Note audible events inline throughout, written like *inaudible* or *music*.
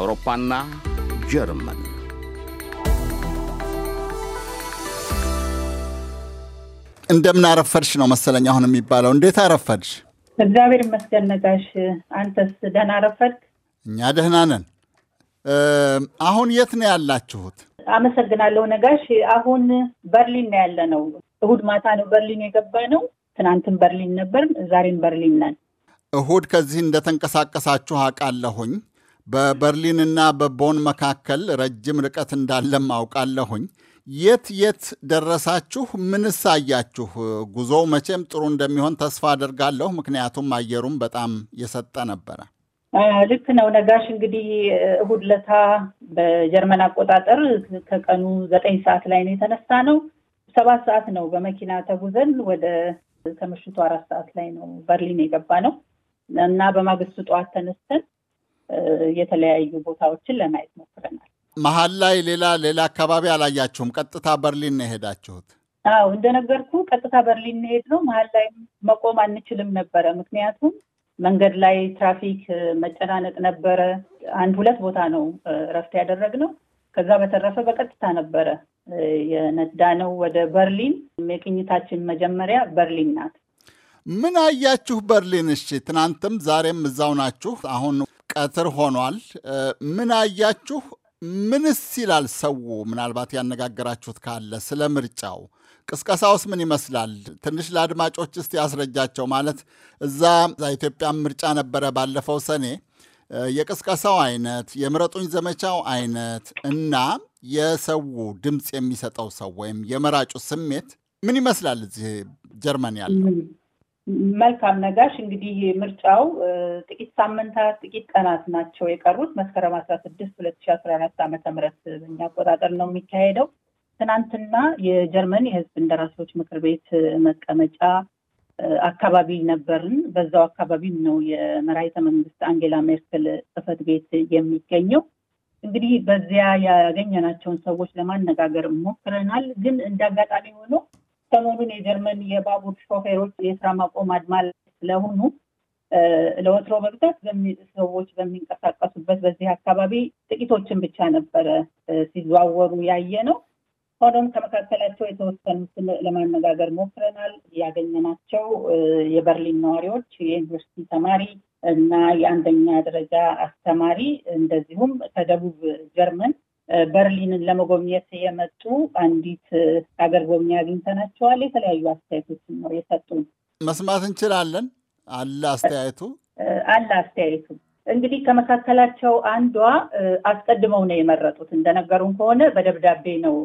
አውሮፓና ጀርመን እንደምን አረፈድሽ ነው መሰለኝ አሁን የሚባለው። እንዴት አረፈድሽ? እግዚአብሔር ይመስገን ነጋሽ። አንተስ ደህና አረፈድክ? እኛ ደህና ነን። አሁን የት ነው ያላችሁት? አመሰግናለሁ ነጋሽ። አሁን በርሊን ነው ያለ ነው። እሁድ ማታ ነው በርሊን የገባ ነው። ትናንትም በርሊን ነበር፣ ዛሬም በርሊን ነን። እሁድ ከዚህ እንደተንቀሳቀሳችሁ አቃለሁኝ በበርሊንና በቦን መካከል ረጅም ርቀት እንዳለም አውቃለሁኝ። የት የት ደረሳችሁ? ምን ሳያችሁ? ጉዞው መቼም ጥሩ እንደሚሆን ተስፋ አድርጋለሁ፣ ምክንያቱም አየሩም በጣም የሰጠ ነበረ። ልክ ነው ነጋሽ። እንግዲህ እሁድ ለታ በጀርመን አቆጣጠር ከቀኑ ዘጠኝ ሰዓት ላይ ነው የተነሳ ነው። ሰባት ሰዓት ነው በመኪና ተጉዘን ወደ ከምሽቱ አራት ሰዓት ላይ ነው በርሊን የገባ ነው እና በማግስቱ ጠዋት ተነስተን የተለያዩ ቦታዎችን ለማየት ሞክረናል። መሀል ላይ ሌላ ሌላ አካባቢ አላያችሁም? ቀጥታ በርሊን ነው የሄዳችሁት? አዎ እንደነገርኩ ቀጥታ በርሊን ሄድ ነው። መሀል ላይ መቆም አንችልም ነበረ፣ ምክንያቱም መንገድ ላይ ትራፊክ መጨናነቅ ነበረ። አንድ ሁለት ቦታ ነው እረፍት ያደረግነው። ከዛ በተረፈ በቀጥታ ነበረ የነዳነው ወደ በርሊን። የቅኝታችን መጀመሪያ በርሊን ናት። ምን አያችሁ በርሊን? እሺ፣ ትናንትም ዛሬም እዛው ናችሁ። አሁን ቀትር ሆኗል። ምን አያችሁ? ምንስ ይላል ሰው? ምናልባት ያነጋገራችሁት ካለ ስለ ምርጫው ቅስቀሳውስ ምን ይመስላል? ትንሽ ለአድማጮች እስቲ ያስረጃቸው። ማለት እዛ ኢትዮጵያ ምርጫ ነበረ ባለፈው ሰኔ። የቅስቀሳው አይነት፣ የምረጡኝ ዘመቻው አይነት እና የሰው ድምፅ የሚሰጠው ሰው ወይም የመራጩ ስሜት ምን ይመስላል እዚህ ጀርመን ያለው? መልካም ነጋሽ እንግዲህ ምርጫው ጥቂት ሳምንታት ጥቂት ቀናት ናቸው የቀሩት። መስከረም አስራ ስድስት ሁለት ሺ አስራ አራት ዓመተ ምህረት በእኛ አቆጣጠር ነው የሚካሄደው። ትናንትና የጀርመን የህዝብ እንደራሴዎች ምክር ቤት መቀመጫ አካባቢ ነበርን። በዛው አካባቢ ነው የመራይተ መንግስት አንጌላ ሜርክል ጽፈት ቤት የሚገኘው። እንግዲህ በዚያ ያገኘናቸውን ሰዎች ለማነጋገር ሞክረናል። ግን እንደ አጋጣሚ ሆኖ ሰሞኑን የጀርመን የባቡር ሾፌሮች የስራ ማቆም አድማ ስለሆኑ ለወትሮ በብዛት ሰዎች በሚንቀሳቀሱበት በዚህ አካባቢ ጥቂቶችን ብቻ ነበረ ሲዘዋወሩ ያየ ነው። ሆኖም ከመካከላቸው የተወሰኑትን ለማነጋገር ሞክረናል። ያገኘናቸው የበርሊን ነዋሪዎች፣ የዩኒቨርሲቲ ተማሪ እና የአንደኛ ደረጃ አስተማሪ እንደዚሁም ከደቡብ ጀርመን በርሊንን ለመጎብኘት የመጡ አንዲት ሀገር ጎብኚ አግኝተናቸዋል። የተለያዩ አስተያየቶችን ነው የሰጡን። መስማት እንችላለን። አለ አስተያየቱ አለ አስተያየቱ እንግዲህ ከመካከላቸው አንዷ አስቀድመው ነው የመረጡት። እንደነገሩን ከሆነ በደብዳቤ ነው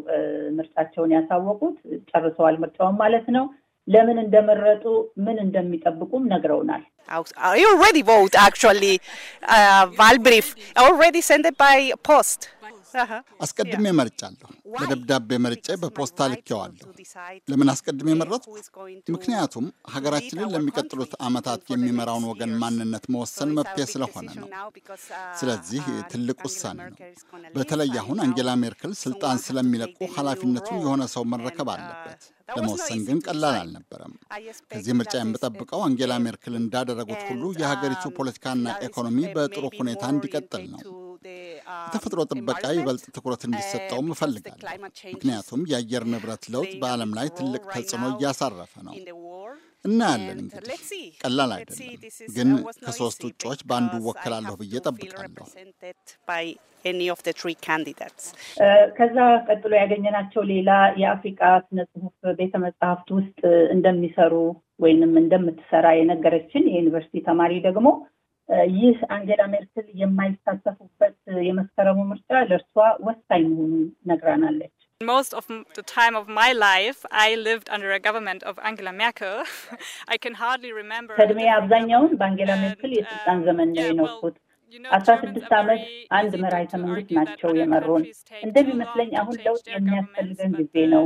ምርጫቸውን ያሳወቁት። ጨርሰዋል ምርጫውን ማለት ነው። ለምን እንደመረጡ ምን እንደሚጠብቁም ነግረውናል። ኦልሬዲ ቮት አክቹዋሊ ቫልብሪፍ ኦልሬዲ ሰንድ ባይ ፖስት አስቀድሜ መርጫለሁ። በደብዳቤ መርጬ በፖስታ ልኬዋለሁ። ለምን አስቀድሜ መረጥኩ? ምክንያቱም ሀገራችንን ለሚቀጥሉት ዓመታት የሚመራውን ወገን ማንነት መወሰን መብቴ ስለሆነ ነው። uh, ስለዚህ uh, ትልቅ ውሳኔ ነው። በተለይ አሁን አንጌላ ሜርክል ስልጣን ስለሚለቁ ኃላፊነቱን የሆነ ሰው መረከብ uh, አለበት። ለመወሰን ግን ቀላል አልነበረም። ከዚህ ምርጫ የምጠብቀው አንጌላ ሜርክል እንዳደረጉት ሁሉ የሀገሪቱ um, ፖለቲካና ኢኮኖሚ በጥሩ ሁኔታ እንዲቀጥል ነው። የተፈጥሮ ጥበቃ ይበልጥ ትኩረት እንዲሰጠውም እፈልጋለሁ። ምክንያቱም የአየር ንብረት ለውጥ በዓለም ላይ ትልቅ ተጽዕኖ እያሳረፈ ነው። እናያለን እንግዲህ ቀላል አይደለም፣ ግን uh, ከሶስት ውጮች በአንዱ እወክላለሁ ብዬ ጠብቃለሁ። ከዛ ቀጥሎ ያገኘናቸው ሌላ የአፍሪቃ ስነ ጽሁፍ ቤተ መጽሐፍት ውስጥ እንደሚሰሩ ወይንም እንደምትሰራ የነገረችን የዩኒቨርሲቲ ተማሪ ደግሞ ይህ አንጌላ ሜርክል የማይሳተፉበት የመስከረሙ ምርጫ ለእርሷ ወሳኝ መሆኑ ነግራናለች። most of the time of my life I lived under a government of Angela Merkel. *laughs* I can hardly remember. ከእድሜ አብዛኛውን በአንጌላ ሜርክል የስልጣን uh, ዘመን ነው የኖርኩት። አስራ ስድስት ዓመት አንድ መራሒተ መንግስት ናቸው የመሩን። እንደሚመስለኝ አሁን ለውጥ የሚያስፈልገን ጊዜ uh, ነው።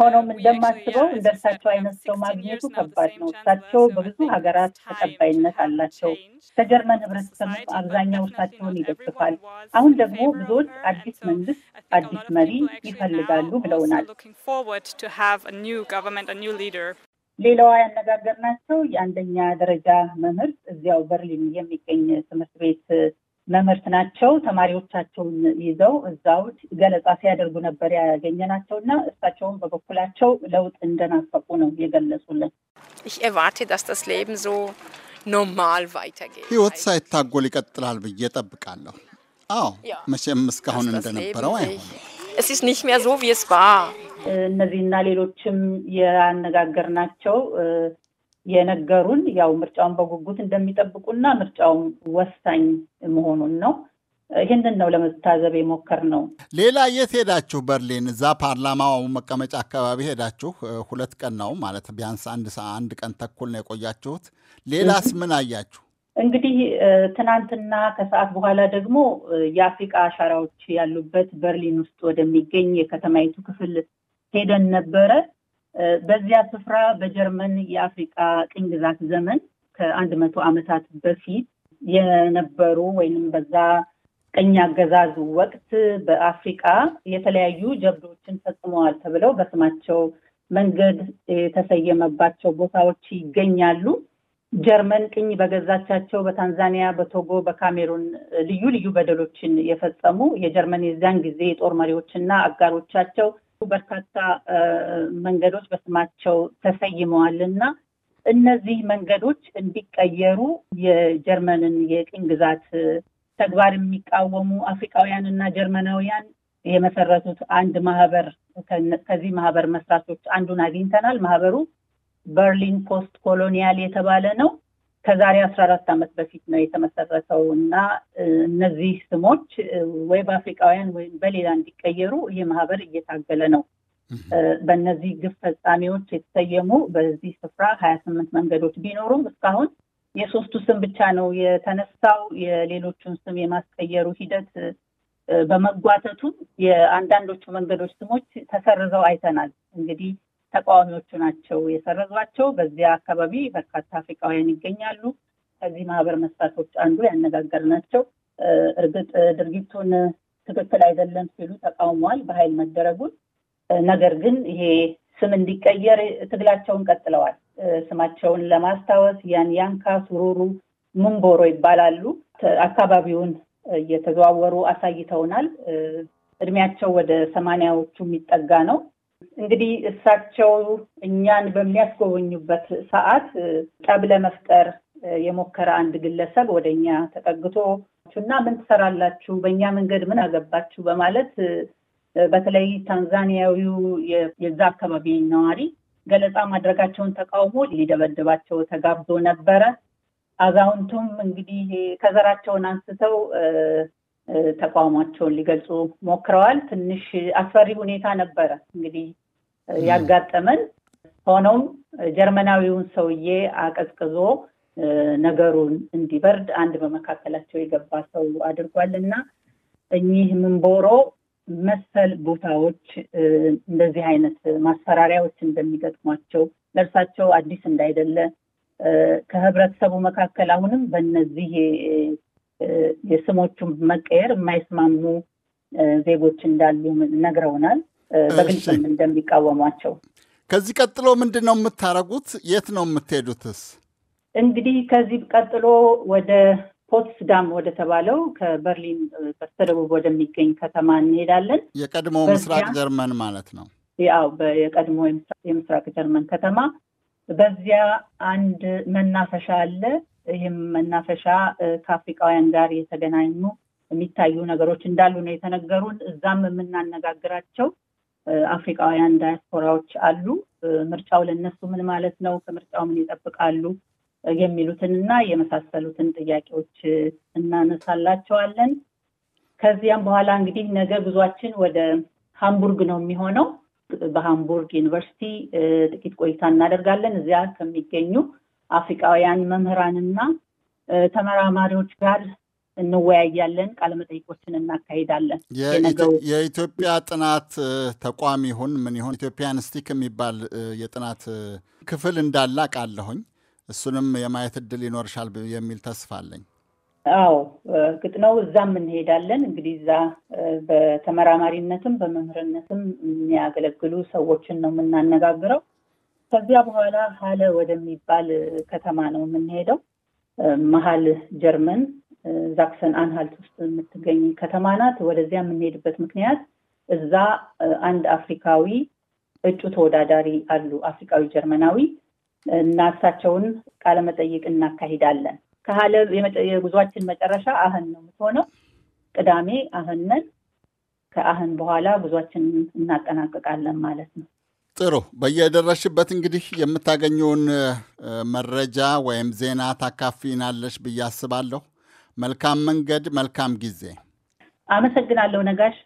ሆኖም እንደማስበው እንደሳቸው አይነት ሰው ማግኘቱ ከባድ ነው። እሳቸው በብዙ ሀገራት ተቀባይነት አላቸው። ከጀርመን ህብረተሰቡ አብዛኛው እርሳቸውን ይደግፋል። አሁን ደግሞ ብዙዎች አዲስ መንግስት፣ አዲስ መሪ ይፈልጋሉ ብለውናል። ሌላዋ ያነጋገርናቸው የአንደኛ ደረጃ መምህርት እዚያው በርሊን የሚገኝ ትምህርት ቤት መምህርት ናቸው። ተማሪዎቻቸውን ይዘው እዛው ገለጻ ሲያደርጉ ነበር ያገኘናቸው እና እሳቸውም በበኩላቸው ለውጥ እንደናፈቁ ነው የገለጹልን። ህይወት ሳይታጎል ይቀጥላል ብዬ ጠብቃለሁ። አዎ መቼም እስካሁን እንደነበረው አይሆንም። እነዚህና ሌሎችም ያነጋገርናቸው የነገሩን ያው ምርጫውን በጉጉት እንደሚጠብቁና ምርጫውን ወሳኝ መሆኑን ነው። ይህንን ነው ለመታዘብ የሞከር ነው። ሌላ የት ሄዳችሁ? በርሊን እዛ ፓርላማው መቀመጫ አካባቢ ሄዳችሁ ሁለት ቀን ነው ማለት ቢያንስ አንድ አንድ ቀን ተኩል ነው የቆያችሁት። ሌላስ ምን አያችሁ? እንግዲህ ትናንትና ከሰዓት በኋላ ደግሞ የአፍሪቃ አሻራዎች ያሉበት በርሊን ውስጥ ወደሚገኝ የከተማይቱ ክፍል ሄደን ነበረ። በዚያ ስፍራ በጀርመን የአፍሪቃ ቅኝ ግዛት ዘመን ከአንድ መቶ ዓመታት በፊት የነበሩ ወይም በዛ ቅኝ አገዛዝ ወቅት በአፍሪቃ የተለያዩ ጀብዶችን ፈጽመዋል ተብለው በስማቸው መንገድ የተሰየመባቸው ቦታዎች ይገኛሉ። ጀርመን ቅኝ በገዛቻቸው በታንዛኒያ፣ በቶጎ፣ በካሜሩን ልዩ ልዩ በደሎችን የፈጸሙ የጀርመን የዚያን ጊዜ የጦር መሪዎችና አጋሮቻቸው በርካታ መንገዶች በስማቸው ተሰይመዋል እና እነዚህ መንገዶች እንዲቀየሩ የጀርመንን የቅኝ ግዛት ተግባር የሚቃወሙ አፍሪካውያን እና ጀርመናውያን የመሰረቱት አንድ ማህበር ከዚህ ማህበር መስራቾች አንዱን አግኝተናል። ማህበሩ በርሊን ፖስት ኮሎኒያል የተባለ ነው። ከዛሬ አስራ አራት ዓመት በፊት ነው የተመሰረተው እና እነዚህ ስሞች ወይ በአፍሪካውያን ወይም በሌላ እንዲቀየሩ ይህ ማህበር እየታገለ ነው። በእነዚህ ግፍ ፈጻሚዎች የተሰየሙ በዚህ ስፍራ ሀያ ስምንት መንገዶች ቢኖሩም እስካሁን የሶስቱ ስም ብቻ ነው የተነሳው። የሌሎቹን ስም የማስቀየሩ ሂደት በመጓተቱም የአንዳንዶቹ መንገዶች ስሞች ተሰርዘው አይተናል። እንግዲህ ተቃዋሚዎቹ ናቸው የሰረዟቸው። በዚያ አካባቢ በርካታ አፍሪካውያን ይገኛሉ። ከዚህ ማህበር መስራቶች አንዱ ያነጋገር ናቸው። እርግጥ ድርጊቱን ትክክል አይደለም ሲሉ ተቃውመዋል፣ በኃይል መደረጉን። ነገር ግን ይሄ ስም እንዲቀየር ትግላቸውን ቀጥለዋል። ስማቸውን ለማስታወስ ያን ያንካ ሱሩሩ ምንቦሮ ይባላሉ። አካባቢውን እየተዘዋወሩ አሳይተውናል። እድሜያቸው ወደ ሰማንያዎቹ የሚጠጋ ነው። እንግዲህ እሳቸው እኛን በሚያስጎበኙበት ሰዓት ጠብ ለመፍጠር የሞከረ አንድ ግለሰብ ወደ እኛ ተጠግቶ እና ምን ትሰራላችሁ፣ በእኛ መንገድ ምን አገባችሁ በማለት በተለይ ታንዛኒያዊው የዛ አካባቢ ነዋሪ ገለጻ ማድረጋቸውን ተቃውሞ ሊደበድባቸው ተጋብዞ ነበረ። አዛውንቱም እንግዲህ ከዘራቸውን አንስተው ተቃውሟቸውን ሊገልጹ ሞክረዋል። ትንሽ አስፈሪ ሁኔታ ነበረ እንግዲህ ያጋጠመን። ሆኖም ጀርመናዊውን ሰውዬ አቀዝቅዞ ነገሩን እንዲበርድ አንድ በመካከላቸው የገባ ሰው አድርጓል እና እኚህ ምንቦሮ መሰል ቦታዎች እንደዚህ አይነት ማስፈራሪያዎች እንደሚገጥሟቸው ለእርሳቸው አዲስ እንዳይደለ ከህብረተሰቡ መካከል አሁንም በእነዚህ የስሞቹን መቀየር የማይስማሙ ዜጎች እንዳሉ ነግረውናል። በግልጽም እንደሚቃወሟቸው። ከዚህ ቀጥሎ ምንድን ነው የምታደርጉት? የት ነው የምትሄዱትስ? እንግዲህ ከዚህ ቀጥሎ ወደ ፖትስዳም ወደ ተባለው ከበርሊን በስተደቡብ ወደሚገኝ ከተማ እንሄዳለን። የቀድሞ ምስራቅ ጀርመን ማለት ነው። ያው የቀድሞ የምስራቅ ጀርመን ከተማ። በዚያ አንድ መናፈሻ አለ። ይህም መናፈሻ ከአፍሪቃውያን ጋር የተገናኙ የሚታዩ ነገሮች እንዳሉ ነው የተነገሩን። እዛም የምናነጋግራቸው አፍሪቃውያን ዳያስፖራዎች አሉ። ምርጫው ለነሱ ምን ማለት ነው፣ ከምርጫው ምን ይጠብቃሉ የሚሉትን እና የመሳሰሉትን ጥያቄዎች እናነሳላቸዋለን። ከዚያም በኋላ እንግዲህ ነገ ጉዟችን ወደ ሃምቡርግ ነው የሚሆነው። በሃምቡርግ ዩኒቨርሲቲ ጥቂት ቆይታ እናደርጋለን። እዚያ ከሚገኙ አፍሪቃውያን መምህራንና ተመራማሪዎች ጋር እንወያያለን፣ ቃለመጠይቆችን እናካሂዳለን። የኢትዮጵያ ጥናት ተቋም ይሁን ምን ይሁን ኢትዮጵያን ስቲክ የሚባል የጥናት ክፍል እንዳለ አውቃለሁኝ። እሱንም የማየት እድል ይኖርሻል የሚል ተስፋ አለኝ። አዎ ግጥ ነው። እዛም እንሄዳለን። እንግዲህ እዛ በተመራማሪነትም በመምህርነትም የሚያገለግሉ ሰዎችን ነው የምናነጋግረው። ከዚያ በኋላ ሀለ ወደሚባል ከተማ ነው የምንሄደው። መሀል ጀርመን ዛክሰን አንሃልት ውስጥ የምትገኝ ከተማ ናት። ወደዚያ የምንሄድበት ምክንያት እዛ አንድ አፍሪካዊ እጩ ተወዳዳሪ አሉ፣ አፍሪካዊ ጀርመናዊ እና እሳቸውን ቃለመጠይቅ እናካሂዳለን። ከሀለ የጉዟችን መጨረሻ አህን ነው የምትሆነው። ቅዳሜ አህን ነን። ከአህን በኋላ ጉዟችንን እናጠናቀቃለን ማለት ነው። ጥሩ በየደረሽበት እንግዲህ የምታገኘውን መረጃ ወይም ዜና ታካፊናለሽ ብዬ አስባለሁ። መልካም መንገድ፣ መልካም ጊዜ። አመሰግናለሁ ነጋሽ።